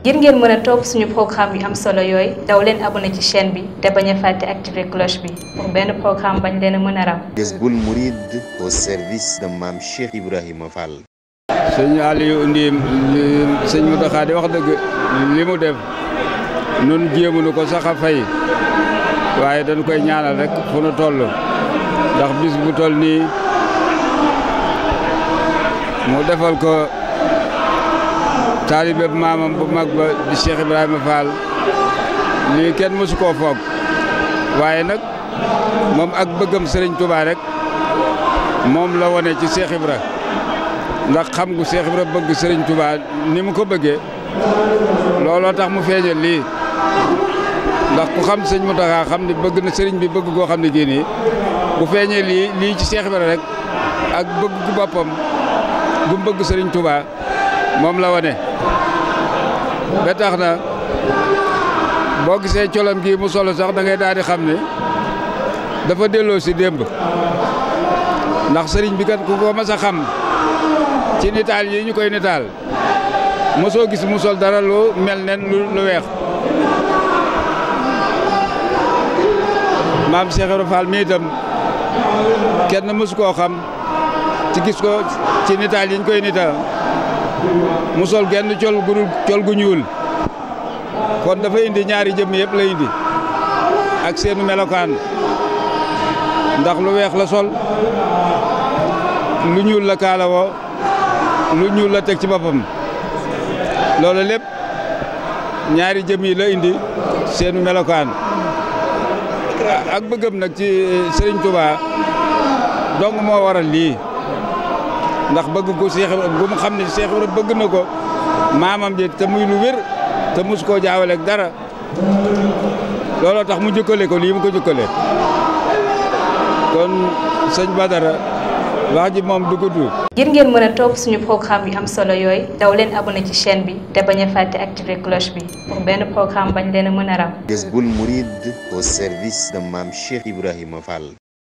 ngir ngeen mën a topp suñu programme yu am solo yooyu daw leen abonné ci chaîne bi te bañ a fàtte activer cloche bi pour benn programme bañ leen a mën a raw. Jazboul Mouride au service de Mame Cheikh Ibrahima Fall. sëñ Aliou Ndim sëñ Mountakha di wax dëgg li mu def nun jéemuñu ko sax a fay waaye dañ koy ñaanal rek fu nu toll ndax bis bu toll nii mu defal ko. taalibeeb maamam bu mag ba di Cheikh Ibrahima Fall lii kenn mësu koo foog waaye nag moom ak bëggam sëriñ Touba rek moom la wone ci Cheikh Ibra ndax xam gu Cheikh Ibra bëgg sëriñ Touba ni mu ko bëggee looloo tax mu feeñal lii ndax ku xam sëñ mu Mountakha xam ne bëgg na sëriñ bi bëgg goo xam ne kii nii bu feeñee lii lii ci Cheikh Ibra rek ak bëgg gu boppam gu bëgg sëriñ tubaa moom la wone ba tax na boo gisee colam gi mu solo sax dangay ngay daal di xam ne dafa delloo si démb ndax sëriñ bi kat ku ko mas a xam ci nitaal yi ñu koy nitaal mosoo gis mu sol dara lu mel nen lu weex maam Cheikh Ibra Fall mi kenn mësu koo xam ci gis ko ci nitaal yi ñu koy nitaal mu sol genn col gu ñuul kon dafa indi ñaari jëmm yépp la indi ak seenu melokaan ndax lu weex la sol lu ñuul la kaalawoo lu ñuul la teg ci boppam loolu lépp ñaari jëm yi la indi seenu melokaan ak bëggam nag ci Serigne Touba dong moo waral lii ndax bëgg ko Cheikh bu mu xam ne Cheikh Ibra bëgg na ko maamam ji te muy lu wér te mus koo jaawaleek dara looloo tax mu jëkkale ko lii mu ko jëkkale kon sëñ dara wax ji moom du ko ngir ngeen mën a topp suñu programme yu am solo yooyu daw leen abonné ci chaîne bi te bañ a fàtte activer cloche bi pour benn programme bañ leen a mën a raw Jazboul Mouride au service de Mame Cheikh Ibrahima Fall